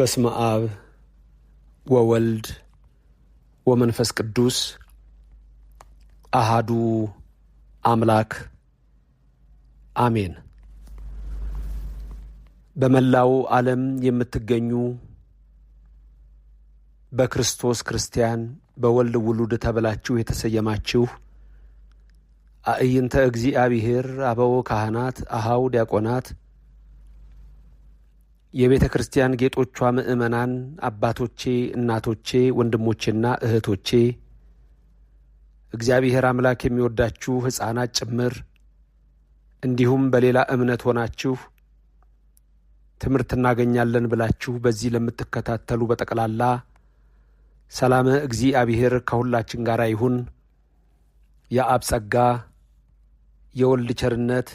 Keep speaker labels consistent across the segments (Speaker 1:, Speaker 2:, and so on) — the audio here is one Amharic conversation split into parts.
Speaker 1: በስመ አብ ወወልድ ወመንፈስ ቅዱስ አሃዱ አምላክ አሜን። በመላው ዓለም የምትገኙ በክርስቶስ ክርስቲያን በወልድ ውሉድ ተብላችሁ የተሰየማችሁ አእይንተ እግዚአብሔር አበው ካህናት፣ አሃው ዲያቆናት የቤተ ክርስቲያን ጌጦቿ ምዕመናን አባቶቼ፣ እናቶቼ፣ ወንድሞቼና እህቶቼ እግዚአብሔር አምላክ የሚወዳችሁ ሕፃናት ጭምር እንዲሁም በሌላ እምነት ሆናችሁ ትምህርት እናገኛለን ብላችሁ በዚህ ለምትከታተሉ በጠቅላላ ሰላም እግዚአብሔር ከሁላችን ጋር ይሁን። የአብ ጸጋ የወልድ ቸርነት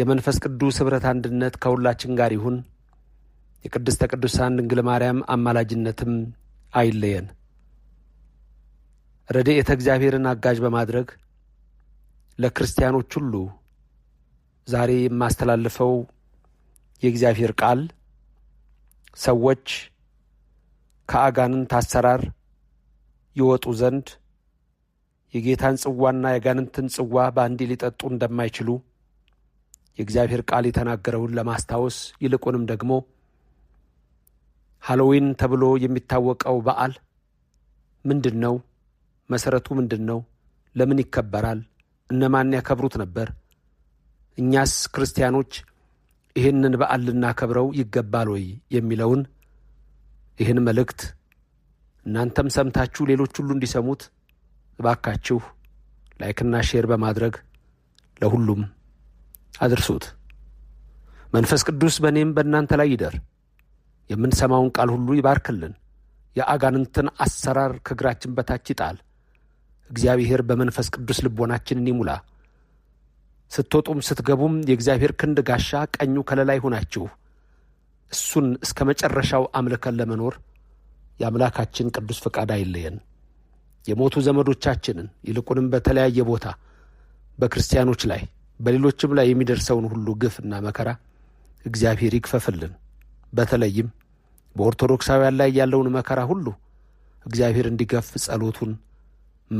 Speaker 1: የመንፈስ ቅዱስ ኅብረት አንድነት ከሁላችን ጋር ይሁን። የቅድስተ ቅዱሳን ድንግል ማርያም አማላጅነትም አይለየን። ረድኤተ እግዚአብሔርን አጋዥ በማድረግ ለክርስቲያኖች ሁሉ ዛሬ የማስተላልፈው የእግዚአብሔር ቃል ሰዎች ከአጋንንት አሰራር ይወጡ ዘንድ የጌታን ጽዋና የአጋንንትን ጽዋ በአንዴ ሊጠጡ እንደማይችሉ የእግዚአብሔር ቃል የተናገረውን ለማስታወስ ይልቁንም ደግሞ ሃሎዊን ተብሎ የሚታወቀው በዓል ምንድን ነው? መሰረቱ ምንድን ነው? ለምን ይከበራል? እነማን ያከብሩት ነበር? እኛስ ክርስቲያኖች ይህንን በዓል ልናከብረው ይገባል ወይ የሚለውን ይህን መልእክት እናንተም ሰምታችሁ ሌሎች ሁሉ እንዲሰሙት እባካችሁ ላይክና ሼር በማድረግ ለሁሉም አድርሱት። መንፈስ ቅዱስ በእኔም በእናንተ ላይ ይደር። የምንሰማውን ቃል ሁሉ ይባርክልን። የአጋንንትን አሰራር ከእግራችን በታች ይጣል። እግዚአብሔር በመንፈስ ቅዱስ ልቦናችንን ይሙላ። ስትወጡም ስትገቡም የእግዚአብሔር ክንድ ጋሻ ቀኙ ከለላ ይሁናችሁ። እሱን እስከ መጨረሻው አምልከን ለመኖር የአምላካችን ቅዱስ ፈቃድ አይለየን። የሞቱ ዘመዶቻችንን ይልቁንም በተለያየ ቦታ በክርስቲያኖች ላይ በሌሎችም ላይ የሚደርሰውን ሁሉ ግፍና መከራ እግዚአብሔር ይግፈፍልን። በተለይም በኦርቶዶክሳውያን ላይ ያለውን መከራ ሁሉ እግዚአብሔር እንዲገፍ ጸሎቱን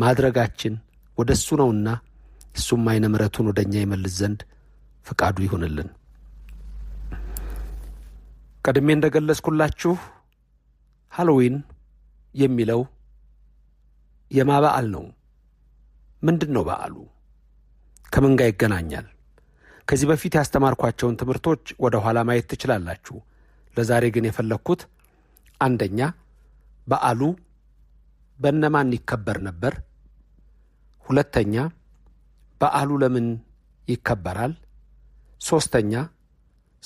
Speaker 1: ማድረጋችን ወደ እሱ ነውና እሱም አይነ ምረቱን ወደ እኛ ይመልስ ዘንድ ፈቃዱ ይሁንልን። ቀድሜ ገለጽኩላችሁ ሃሎዊን የሚለው የማ በዓል ነው? ምንድን ነው በዓሉ? ከምን ጋር ይገናኛል? ከዚህ በፊት ያስተማርኳቸውን ትምህርቶች ወደ ኋላ ማየት ትችላላችሁ። ለዛሬ ግን የፈለግኩት አንደኛ በዓሉ በነማን ይከበር ነበር? ሁለተኛ በዓሉ ለምን ይከበራል? ሦስተኛ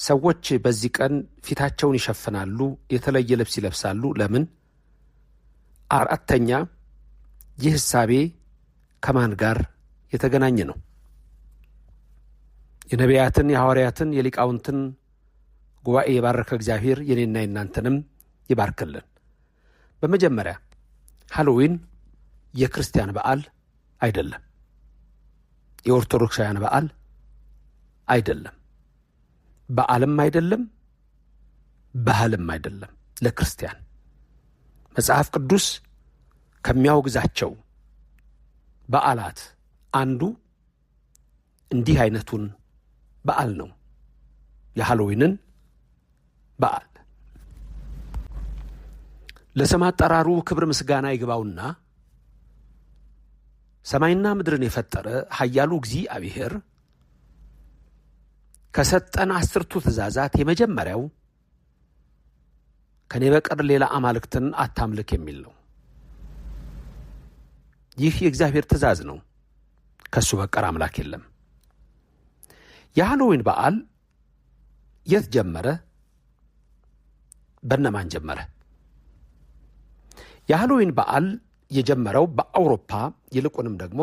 Speaker 1: ሰዎች በዚህ ቀን ፊታቸውን ይሸፍናሉ፣ የተለየ ልብስ ይለብሳሉ፣ ለምን? አራተኛ ይህ ሕሳቤ ከማን ጋር የተገናኘ ነው? የነቢያትን፣ የሐዋርያትን፣ የሊቃውንትን ጉባኤ የባረከ እግዚአብሔር የኔና የናንተንም ይባርክልን። በመጀመሪያ ሃሎዊን የክርስቲያን በዓል አይደለም፣ የኦርቶዶክሳውያን በዓል አይደለም፣ በዓልም አይደለም፣ ባህልም አይደለም። ለክርስቲያን መጽሐፍ ቅዱስ ከሚያወግዛቸው በዓላት አንዱ እንዲህ አይነቱን በዓል ነው የሃሎዊንን በዓል ለስም አጠራሩ ክብር ምስጋና ይግባውና ሰማይና ምድርን የፈጠረ ኃያሉ እግዚአብሔር ከሰጠን አስርቱ ትእዛዛት የመጀመሪያው ከኔ በቀር ሌላ አማልክትን አታምልክ የሚል ነው። ይህ የእግዚአብሔር ትእዛዝ ነው። ከእሱ በቀር አምላክ የለም። የሃሎዊን በዓል የት ጀመረ? በነማን ጀመረ? የሃሎዊን በዓል የጀመረው በአውሮፓ ይልቁንም ደግሞ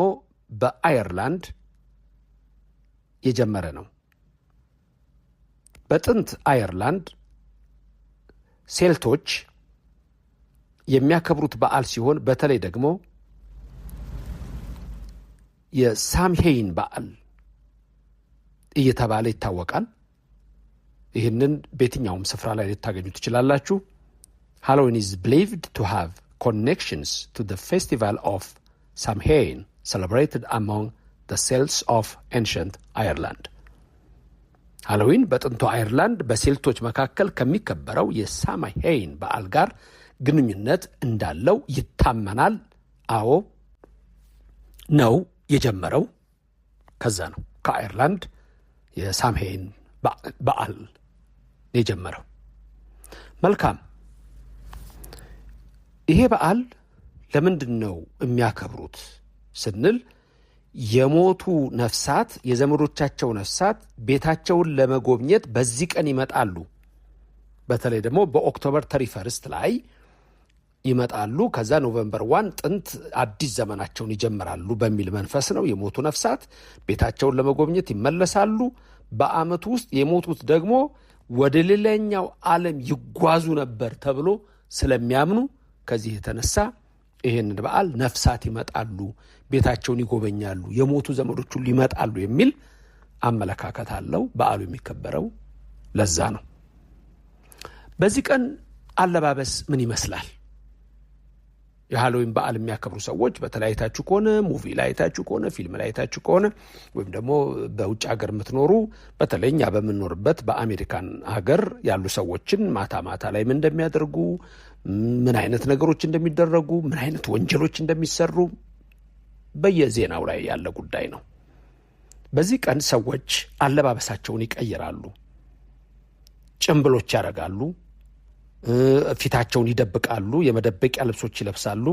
Speaker 1: በአየርላንድ የጀመረ ነው። በጥንት አየርላንድ ሴልቶች የሚያከብሩት በዓል ሲሆን በተለይ ደግሞ የሳምሄይን በዓል እየተባለ ይታወቃል። ይህንን በየትኛውም ስፍራ ላይ ልታገኙ ትችላላችሁ። ሃሎዊን ኢዝ ብሊቭድ ቱ ሃቭ ኮኔክሽንስ ቱ ዘ ፌስቲቫል ኦፍ ሳምሄይን ሴሌብሬትድ አሞንግ ዘ ሴልስ ኦፍ ኤንሸንት አየርላንድ። ሃሎዊን በጥንቱ አየርላንድ በሴልቶች መካከል ከሚከበረው የሳምሄይን በዓል ጋር ግንኙነት እንዳለው ይታመናል። አዎ ነው። የጀመረው ከዛ ነው ከአይርላንድ የሳምሄይን በዓል የጀመረው። መልካም ይሄ በዓል ለምንድን ነው የሚያከብሩት ስንል የሞቱ ነፍሳት የዘመዶቻቸው ነፍሳት ቤታቸውን ለመጎብኘት በዚህ ቀን ይመጣሉ። በተለይ ደግሞ በኦክቶበር ተሪፈርስት ላይ ይመጣሉ። ከዛ ኖቨምበር ዋን ጥንት አዲስ ዘመናቸውን ይጀምራሉ በሚል መንፈስ ነው። የሞቱ ነፍሳት ቤታቸውን ለመጎብኘት ይመለሳሉ። በዓመቱ ውስጥ የሞቱት ደግሞ ወደ ሌላኛው ዓለም ይጓዙ ነበር ተብሎ ስለሚያምኑ ከዚህ የተነሳ ይህንን በዓል ነፍሳት ይመጣሉ፣ ቤታቸውን ይጎበኛሉ፣ የሞቱ ዘመዶች ሁሉ ይመጣሉ የሚል አመለካከት አለው። በዓሉ የሚከበረው ለዛ ነው። በዚህ ቀን አለባበስ ምን ይመስላል? የሃሎዊን በዓል የሚያከብሩ ሰዎች በተለይ ከሆነ ሙቪ ላይ ከሆነ ፊልም ላይ ከሆነ ወይም ደግሞ በውጭ ሀገር የምትኖሩ በተለይ እኛ በምንኖርበት በአሜሪካን ሀገር ያሉ ሰዎችን ማታ ማታ ላይ ምን እንደሚያደርጉ፣ ምን አይነት ነገሮች እንደሚደረጉ፣ ምን አይነት ወንጀሎች እንደሚሰሩ በየዜናው ላይ ያለ ጉዳይ ነው። በዚህ ቀን ሰዎች አለባበሳቸውን ይቀይራሉ፣ ጭምብሎች ያደርጋሉ፣ ፊታቸውን ይደብቃሉ፣ የመደበቂያ ልብሶች ይለብሳሉ።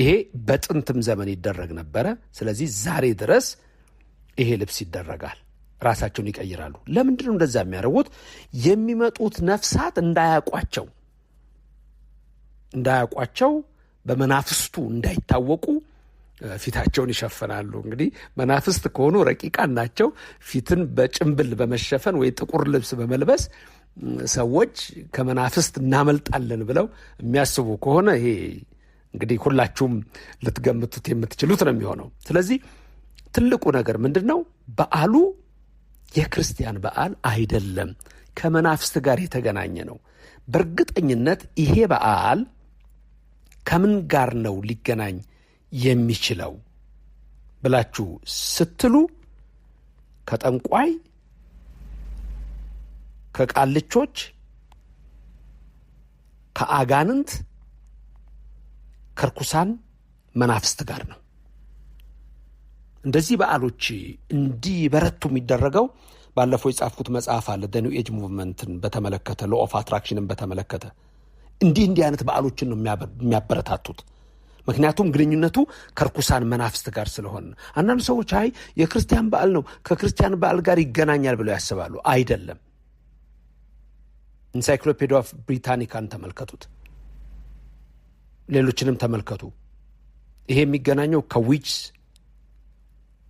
Speaker 1: ይሄ በጥንትም ዘመን ይደረግ ነበረ። ስለዚህ ዛሬ ድረስ ይሄ ልብስ ይደረጋል። ራሳቸውን ይቀይራሉ። ለምንድነው እንደዛ የሚያደርጉት? የሚመጡት ነፍሳት እንዳያውቋቸው እንዳያውቋቸው በመናፍስቱ እንዳይታወቁ ፊታቸውን ይሸፍናሉ። እንግዲህ መናፍስት ከሆኑ ረቂቃን ናቸው። ፊትን በጭንብል በመሸፈን ወይ ጥቁር ልብስ በመልበስ ሰዎች ከመናፍስት እናመልጣለን ብለው የሚያስቡ ከሆነ ይሄ እንግዲህ ሁላችሁም ልትገምቱት የምትችሉት ነው የሚሆነው። ስለዚህ ትልቁ ነገር ምንድን ነው? በዓሉ የክርስቲያን በዓል አይደለም፣ ከመናፍስት ጋር የተገናኘ ነው። በእርግጠኝነት ይሄ በዓል ከምን ጋር ነው ሊገናኝ የሚችለው ብላችሁ ስትሉ ከጠንቋይ ከቃልቾች፣ ከአጋንንት፣ ከርኩሳን መናፍስት ጋር ነው። እንደዚህ በዓሎች እንዲበረቱ የሚደረገው ባለፈው የጻፍኩት መጽሐፍ አለ ኒው ኤጅ ሙቭመንትን በተመለከተ ሎ ኦፍ አትራክሽንን በተመለከተ እንዲህ እንዲህ አይነት በዓሎችን ነው የሚያበረታቱት። ምክንያቱም ግንኙነቱ ከርኩሳን መናፍስት ጋር ስለሆነ፣ አንዳንድ ሰዎች አይ የክርስቲያን በዓል ነው ከክርስቲያን በዓል ጋር ይገናኛል ብለው ያስባሉ። አይደለም። ኢንሳይክሎፔዲያ ኦፍ ብሪታኒካን ተመልከቱት። ሌሎችንም ተመልከቱ። ይሄ የሚገናኘው ከዊች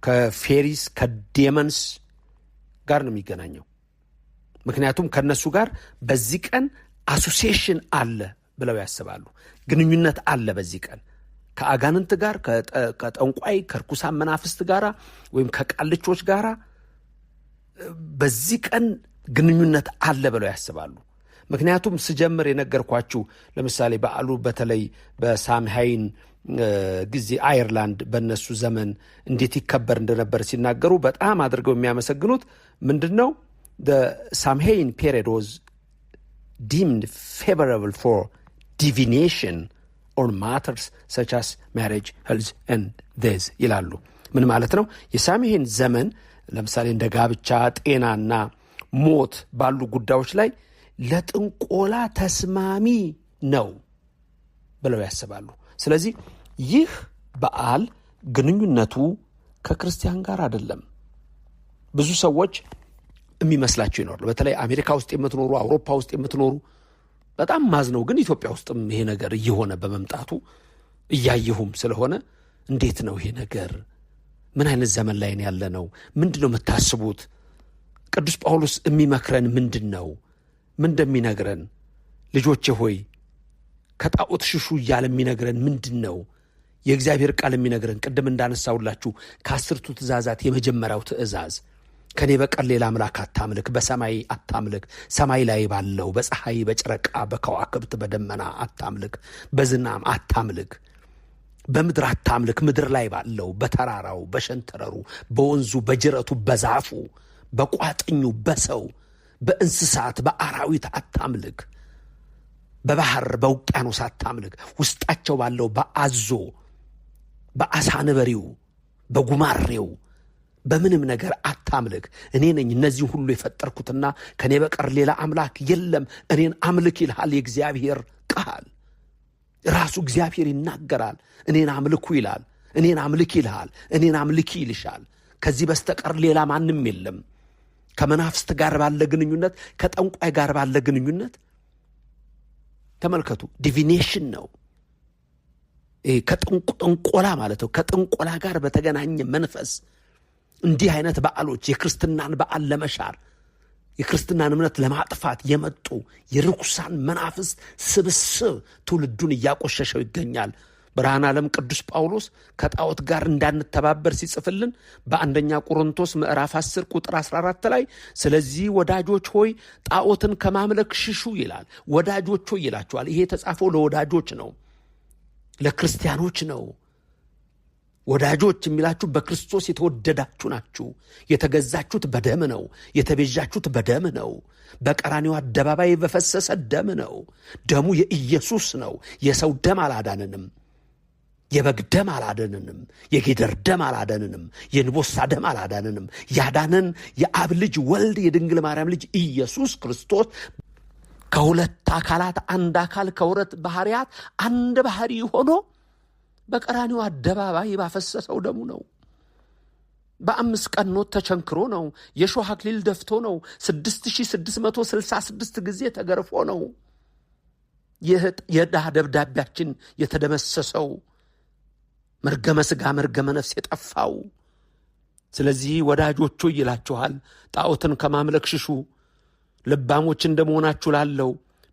Speaker 1: ከፌሪስ ከዴመንስ ጋር ነው የሚገናኘው። ምክንያቱም ከእነሱ ጋር በዚህ ቀን አሶሲሽን አለ ብለው ያስባሉ። ግንኙነት አለ በዚህ ቀን ከአጋንንት ጋር ከጠንቋይ ከርኩሳን መናፍስት ጋራ ወይም ከቃልቾች ጋራ በዚህ ቀን ግንኙነት አለ ብለው ያስባሉ። ምክንያቱም ስጀምር የነገርኳችሁ ለምሳሌ በዓሉ በተለይ በሳምሃይን ጊዜ አይርላንድ በነሱ ዘመን እንዴት ይከበር እንደነበር ሲናገሩ በጣም አድርገው የሚያመሰግኑት ምንድን ነው ሳምሄይን ፔሪድ ዋዝ ዲምድ ፌቨራብል ፎር ዲቪኔሽን ኦን ማተርስ ሰች ማሬጅ ህልዝ ን ዴዝ ይላሉ። ምን ማለት ነው? የሳምሄን ዘመን ለምሳሌ እንደ ጋብቻ፣ ጤናና ሞት ባሉ ጉዳዮች ላይ ለጥንቆላ ተስማሚ ነው ብለው ያስባሉ። ስለዚህ ይህ በዓል ግንኙነቱ ከክርስቲያን ጋር አይደለም። ብዙ ሰዎች የሚመስላቸው ይኖራሉ። በተለይ አሜሪካ ውስጥ የምትኖሩ፣ አውሮፓ ውስጥ የምትኖሩ በጣም ማዝነው ግን ኢትዮጵያ ውስጥም ይሄ ነገር እየሆነ በመምጣቱ እያየሁም ስለሆነ እንዴት ነው ይሄ ነገር? ምን አይነት ዘመን ላይ ያለ ነው? ምንድን ነው የምታስቡት? ቅዱስ ጳውሎስ የሚመክረን ምንድን ነው? ምን እንደሚነግረን ልጆቼ ሆይ ከጣዖት ሽሹ እያለ የሚነግረን ምንድን ነው? የእግዚአብሔር ቃል የሚነግረን ቅድም እንዳነሳውላችሁ ከአስርቱ ትእዛዛት የመጀመሪያው ትእዛዝ ከእኔ በቀር ሌላ አምላክ አታምልክ፣ በሰማይ አታምልክ፣ ሰማይ ላይ ባለው በፀሐይ በጨረቃ በከዋክብት በደመና አታምልክ፣ በዝናም አታምልክ፣ በምድር አታምልክ፣ ምድር ላይ ባለው በተራራው፣ በሸንተረሩ፣ በወንዙ፣ በጅረቱ፣ በዛፉ፣ በቋጥኙ፣ በሰው በእንስሳት በአራዊት አታምልክ፣ በባህር በውቅያኖስ አታምልክ። ውስጣቸው ባለው በአዞ በአሳንበሬው በጉማሬው በምንም ነገር አታምልክ። እኔ ነኝ እነዚህ ሁሉ የፈጠርኩትና ከእኔ በቀር ሌላ አምላክ የለም እኔን አምልክ ይልሃል የእግዚአብሔር ቃል። ራሱ እግዚአብሔር ይናገራል። እኔን አምልኩ ይላል። እኔን አምልክ ይልሃል። እኔን አምልኪ ይልሻል። ከዚህ በስተቀር ሌላ ማንም የለም። ከመናፍስት ጋር ባለ ግንኙነት፣ ከጠንቋይ ጋር ባለ ግንኙነት ተመልከቱ። ዲቪኔሽን ነው ከጥንቆላ ማለት ነው። ከጥንቆላ ጋር በተገናኘ መንፈስ እንዲህ አይነት በዓሎች የክርስትናን በዓል ለመሻር የክርስትናን እምነት ለማጥፋት የመጡ የርኩሳን መናፍስት ስብስብ ትውልዱን እያቆሸሸው ይገኛል። ብርሃን ዓለም ቅዱስ ጳውሎስ ከጣዖት ጋር እንዳንተባበር ሲጽፍልን በአንደኛ ቆሮንቶስ ምዕራፍ 10 ቁጥር 14 ላይ ስለዚህ ወዳጆች ሆይ ጣዖትን ከማምለክ ሽሹ ይላል። ወዳጆች ሆይ ይላቸዋል። ይሄ የተጻፈው ለወዳጆች ነው፣ ለክርስቲያኖች ነው። ወዳጆች የሚላችሁ በክርስቶስ የተወደዳችሁ ናችሁ። የተገዛችሁት በደም ነው። የተቤዣችሁት በደም ነው። በቀራኒው አደባባይ በፈሰሰ ደም ነው። ደሙ የኢየሱስ ነው። የሰው ደም አላዳንንም። የበግ ደም አላደንንም የጌደር ደም አላደንንም የንቦሳ ደም አላደንንም። ያዳነን የአብ ልጅ ወልድ የድንግል ማርያም ልጅ ኢየሱስ ክርስቶስ ከሁለት አካላት አንድ አካል ከሁለት ባህሪያት አንድ ባህሪ ሆኖ በቀራኒው አደባባይ ባፈሰሰው ደሙ ነው። በአምስት ቀን ኖት ተቸንክሮ ነው። የሾህ አክሊል ደፍቶ ነው። 6666 ጊዜ ተገርፎ ነው የዕዳ ደብዳቤያችን የተደመሰሰው። መርገመ ሥጋ መርገመ ነፍስ የጠፋው። ስለዚህ ወዳጆቹ ይላችኋል፣ ጣዖትን ከማምለክ ሽሹ። ልባሞች እንደመሆናችሁ ላለው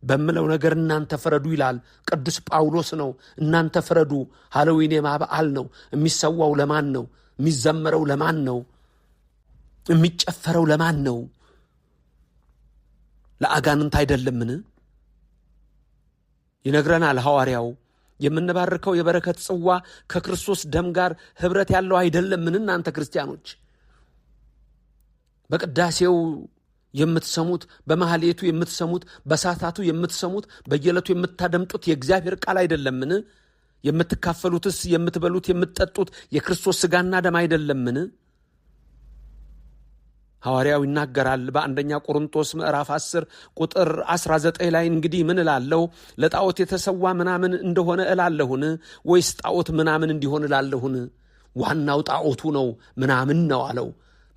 Speaker 1: በምለው ነገር እናንተ ፍረዱ ይላል ቅዱስ ጳውሎስ ነው። እናንተ ፍረዱ። ሃሎዊን የማበዓል ነው። የሚሰዋው ለማን ነው? የሚዘመረው ለማን ነው? የሚጨፈረው ለማን ነው? ለአጋንንት አይደለምን? ይነግረናል ሐዋርያው። የምንባርከው የበረከት ጽዋ ከክርስቶስ ደም ጋር ኅብረት ያለው አይደለምን? እናንተ ክርስቲያኖች በቅዳሴው የምትሰሙት በማህሌቱ የምትሰሙት በሳታቱ የምትሰሙት በየዕለቱ የምታደምጡት የእግዚአብሔር ቃል አይደለምን? የምትካፈሉትስ የምትበሉት የምትጠጡት የክርስቶስ ሥጋና ደም አይደለምን? ሐዋርያው ይናገራል በአንደኛ ቆሮንቶስ ምዕራፍ 10 ቁጥር 19 ላይ እንግዲህ ምን እላለሁ ለጣዖት የተሰዋ ምናምን እንደሆነ እላለሁን ወይስ ጣዖት ምናምን እንዲሆን እላለሁን ዋናው ጣዖቱ ነው ምናምን ነው አለው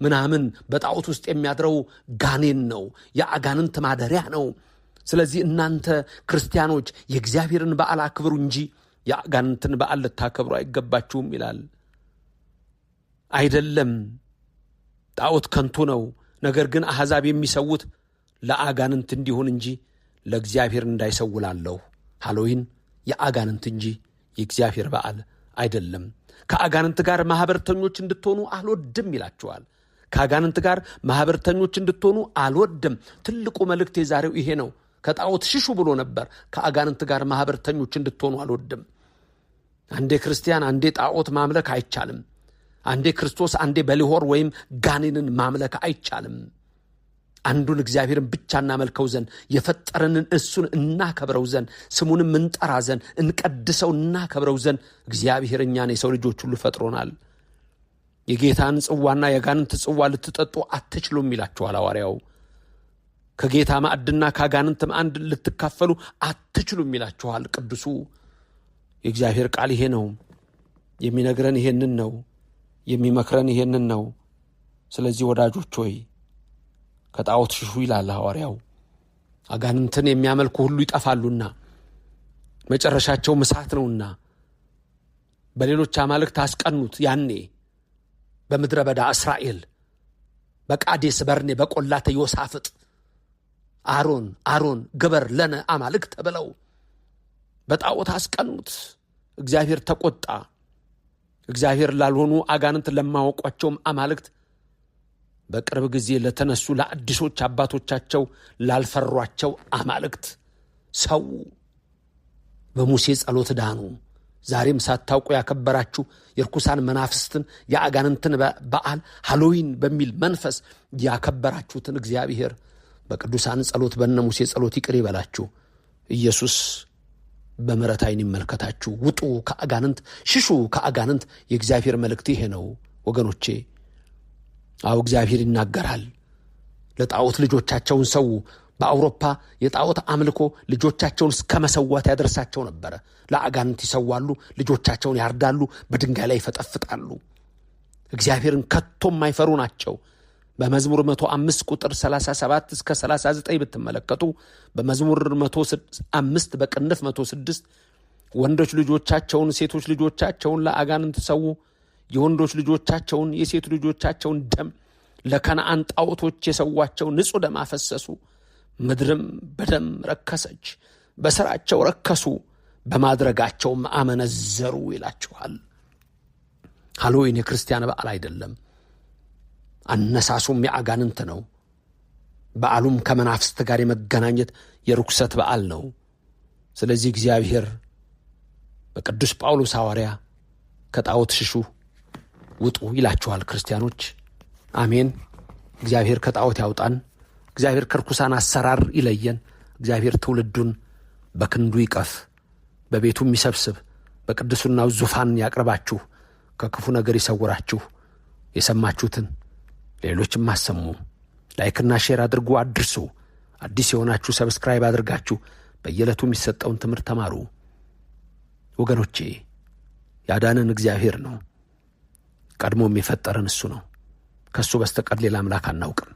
Speaker 1: ምናምን በጣዖት ውስጥ የሚያድረው ጋኔን ነው የአጋንንት ማደሪያ ነው ስለዚህ እናንተ ክርስቲያኖች የእግዚአብሔርን በዓል አክብሩ እንጂ የአጋንንትን በዓል ልታከብሩ አይገባችሁም ይላል አይደለም ጣዖት ከንቱ ነው። ነገር ግን አሕዛብ የሚሰውት ለአጋንንት እንዲሆን እንጂ ለእግዚአብሔር እንዳይሰውላለሁ። ሃሎዊን የአጋንንት እንጂ የእግዚአብሔር በዓል አይደለም። ከአጋንንት ጋር ማኅበርተኞች እንድትሆኑ አልወድም ይላችኋል። ከአጋንንት ጋር ማኅበርተኞች እንድትሆኑ አልወድም። ትልቁ መልእክት የዛሬው ይሄ ነው። ከጣዖት ሽሹ ብሎ ነበር። ከአጋንንት ጋር ማኅበርተኞች እንድትሆኑ አልወድም። አንዴ ክርስቲያን አንዴ ጣዖት ማምለክ አይቻልም። አንዴ ክርስቶስ አንዴ በሊሆር ወይም ጋኔንን ማምለክ አይቻልም። አንዱን እግዚአብሔርን ብቻ እናመልከው ዘንድ የፈጠረንን እሱን እናከብረው ዘንድ ስሙንም እንጠራ ዘንድ እንቀድሰው እናከብረው ዘንድ እግዚአብሔር እኛን የሰው ልጆች ሁሉ ፈጥሮናል። የጌታን ጽዋና የአጋንንት ጽዋ ልትጠጡ አትችሉም ይላችኋል ሐዋርያው። ከጌታ ማዕድና ከአጋንንት አንድ ልትካፈሉ አትችሉም ይላችኋል ቅዱሱ። የእግዚአብሔር ቃል ይሄ ነው የሚነግረን፣ ይሄንን ነው። የሚመክረን ይሄንን ነው። ስለዚህ ወዳጆች ሆይ ከጣዖት ሽሹ ይላል ሐዋርያው። አጋንንትን የሚያመልኩ ሁሉ ይጠፋሉና መጨረሻቸው ምሳት ነውና በሌሎች አማልክት አስቀኑት። ያኔ በምድረ በዳ እስራኤል በቃዴስ በርኔ በቆላተ ዮሳፍጥ አሮን አሮን ግበር ለነ አማልክት ተብለው በጣዖት አስቀኑት። እግዚአብሔር ተቆጣ። እግዚአብሔር ላልሆኑ አጋንንት ለማወቋቸውም አማልክት በቅርብ ጊዜ ለተነሱ ለአዲሶች አባቶቻቸው ላልፈሯቸው አማልክት ሰው በሙሴ ጸሎት ዳኑ። ዛሬም ሳታውቁ ያከበራችሁ የርኩሳን መናፍስትን የአጋንንትን በዓል ሃሎዊን በሚል መንፈስ ያከበራችሁትን እግዚአብሔር በቅዱሳን ጸሎት በነ ሙሴ ጸሎት ይቅር ይበላችሁ። ኢየሱስ በምሕረት ዓይን ይመልከታችሁ። ውጡ ከአጋንንት ሽሹ ከአጋንንት። የእግዚአብሔር መልእክት ይሄ ነው ወገኖቼ። አዎ እግዚአብሔር ይናገራል። ለጣዖት ልጆቻቸውን ሰው በአውሮፓ የጣዖት አምልኮ ልጆቻቸውን እስከ መሰዋት ያደርሳቸው ነበረ። ለአጋንንት ይሰዋሉ፣ ልጆቻቸውን ያርዳሉ፣ በድንጋይ ላይ ይፈጠፍጣሉ። እግዚአብሔርን ከቶ የማይፈሩ ናቸው። በመዝሙር 105 ቁጥር 37 እስከ 39 ብትመለከቱ በመዝሙር 105 በቅንፍ 106 ወንዶች ልጆቻቸውን ሴቶች ልጆቻቸውን ለአጋንንት ሰው የወንዶች ልጆቻቸውን የሴት ልጆቻቸውን ደም ለከነአን ጣዖቶች የሰዋቸው ንጹሕ ደም አፈሰሱ። ምድርም በደም ረከሰች፣ በሥራቸው ረከሱ፣ በማድረጋቸውም አመነዘሩ ይላችኋል። ሃሎዊን የክርስቲያን በዓል አይደለም። አነሳሱም የአጋንንት ነው። በዓሉም ከመናፍስት ጋር የመገናኘት የርኩሰት በዓል ነው። ስለዚህ እግዚአብሔር በቅዱስ ጳውሎስ ሐዋርያ ከጣዖት ሽሹ ውጡ ይላችኋል ክርስቲያኖች። አሜን። እግዚአብሔር ከጣዖት ያውጣን። እግዚአብሔር ከርኩሳን አሰራር ይለየን። እግዚአብሔር ትውልዱን በክንዱ ይቀፍ፣ በቤቱም ይሰብስብ፣ በቅድስናው ዙፋን ያቅርባችሁ፣ ከክፉ ነገር ይሰውራችሁ። የሰማችሁትን ሌሎችም አሰሙ። ላይክና ሼር አድርጉ፣ አድርሱ። አዲስ የሆናችሁ ሰብስክራይብ አድርጋችሁ በየዕለቱ የሚሰጠውን ትምህርት ተማሩ። ወገኖቼ ያዳነን እግዚአብሔር ነው። ቀድሞም የፈጠረን እሱ ነው። ከእሱ በስተቀር ሌላ አምላክ አናውቅም።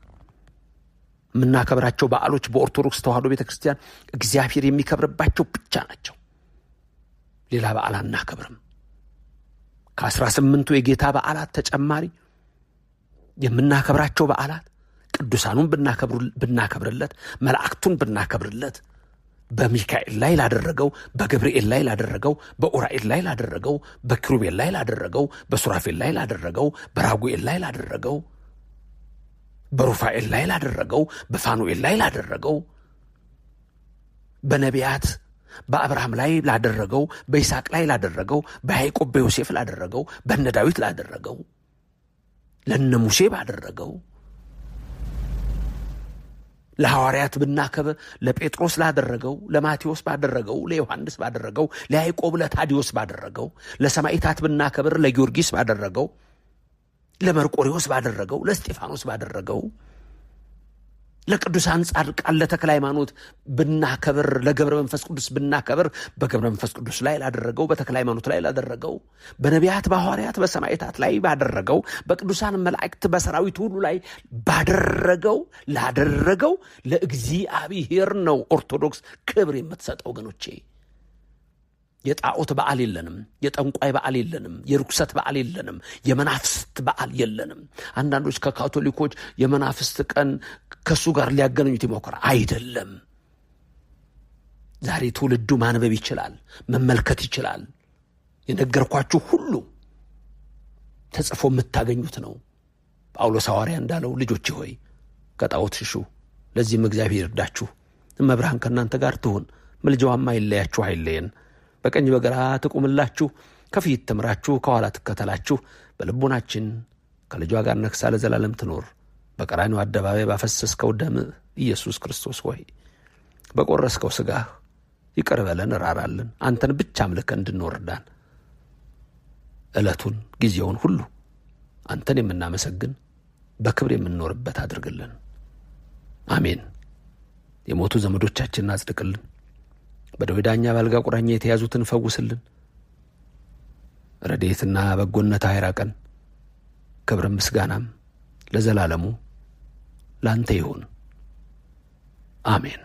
Speaker 1: የምናከብራቸው በዓሎች በኦርቶዶክስ ተዋህዶ ቤተ ክርስቲያን እግዚአብሔር የሚከብርባቸው ብቻ ናቸው። ሌላ በዓል አናከብርም። ከአስራ ስምንቱ የጌታ በዓላት ተጨማሪ የምናከብራቸው በዓላት ቅዱሳኑን ብናከብርለት፣ መላእክቱን ብናከብርለት፣ በሚካኤል ላይ ላደረገው፣ በገብርኤል ላይ ላደረገው፣ በኡራኤል ላይ ላደረገው፣ በኪሩቤል ላይ ላደረገው፣ በሱራፌል ላይ ላደረገው፣ በራጉኤል ላይ ላደረገው፣ በሩፋኤል ላይ ላደረገው፣ በፋኑኤል ላይ ላደረገው፣ በነቢያት በአብርሃም ላይ ላደረገው፣ በይስሐቅ ላይ ላደረገው፣ በያዕቆብ በዮሴፍ ላደረገው፣ በነ ዳዊት ላደረገው ለነ ሙሴ ባደረገው ለሐዋርያት ብናከብር ለጴጥሮስ ላደረገው፣ ለማቴዎስ ባደረገው፣ ለዮሐንስ ባደረገው፣ ለያይቆብ ለታዲዮስ ባደረገው፣ ለሰማይታት ብናከብር ለጊዮርጊስ ባደረገው፣ ለመርቆሪዎስ ባደረገው፣ ለእስጢፋኖስ ባደረገው ለቅዱሳን ጻድቃን ለተክለ ሃይማኖት ብናከብር ለገብረ መንፈስ ቅዱስ ብናከብር በገብረ መንፈስ ቅዱስ ላይ ላደረገው በተክለ ሃይማኖት ላይ ላደረገው በነቢያት በሐዋርያት በሰማይታት ላይ ባደረገው በቅዱሳን መላእክት በሰራዊት ሁሉ ላይ ባደረገው ላደረገው ለእግዚአብሔር ነው ኦርቶዶክስ ክብር የምትሰጠው ወገኖቼ። የጣዖት በዓል የለንም። የጠንቋይ በዓል የለንም። የርኩሰት በዓል የለንም። የመናፍስት በዓል የለንም። አንዳንዶች ከካቶሊኮች የመናፍስት ቀን ከእሱ ጋር ሊያገናኙት ይሞክራል። አይደለም። ዛሬ ትውልዱ ማንበብ ይችላል፣ መመልከት ይችላል። የነገርኳችሁ ሁሉ ተጽፎ የምታገኙት ነው። ጳውሎስ ሐዋርያ እንዳለው ልጆች ሆይ ከጣዖት ሽሹ፣ ለዚህም እግዚአብሔር ይርዳችሁ። እመብርሃን ከእናንተ ጋር ትሁን፣ ምልጃዋም አይለያችሁ አይለየን። በቀኝ በግራ ትቁምላችሁ፣ ከፊት ትምራችሁ፣ ከኋላ ትከተላችሁ። በልቦናችን ከልጇ ጋር ነግሳ ለዘላለም ትኖር። በቀራኒው አደባባይ ባፈሰስከው ደም ኢየሱስ ክርስቶስ ሆይ በቆረስከው ሥጋህ ይቅር በለን፣ እራራለን። አንተን ብቻ አምልከን እንድንወርዳን ዕለቱን ጊዜውን ሁሉ አንተን የምናመሰግን በክብር የምንኖርበት አድርግልን። አሜን። የሞቱ ዘመዶቻችንን አጽድቅልን። በደዌ ዳኛ በአልጋ ቁራኛ የተያዙትን ፈውስልን። ረዴትና በጎነት አይራቀን። ክብር ምስጋናም ለዘላለሙ ላንተ ይሁን፣ አሜን።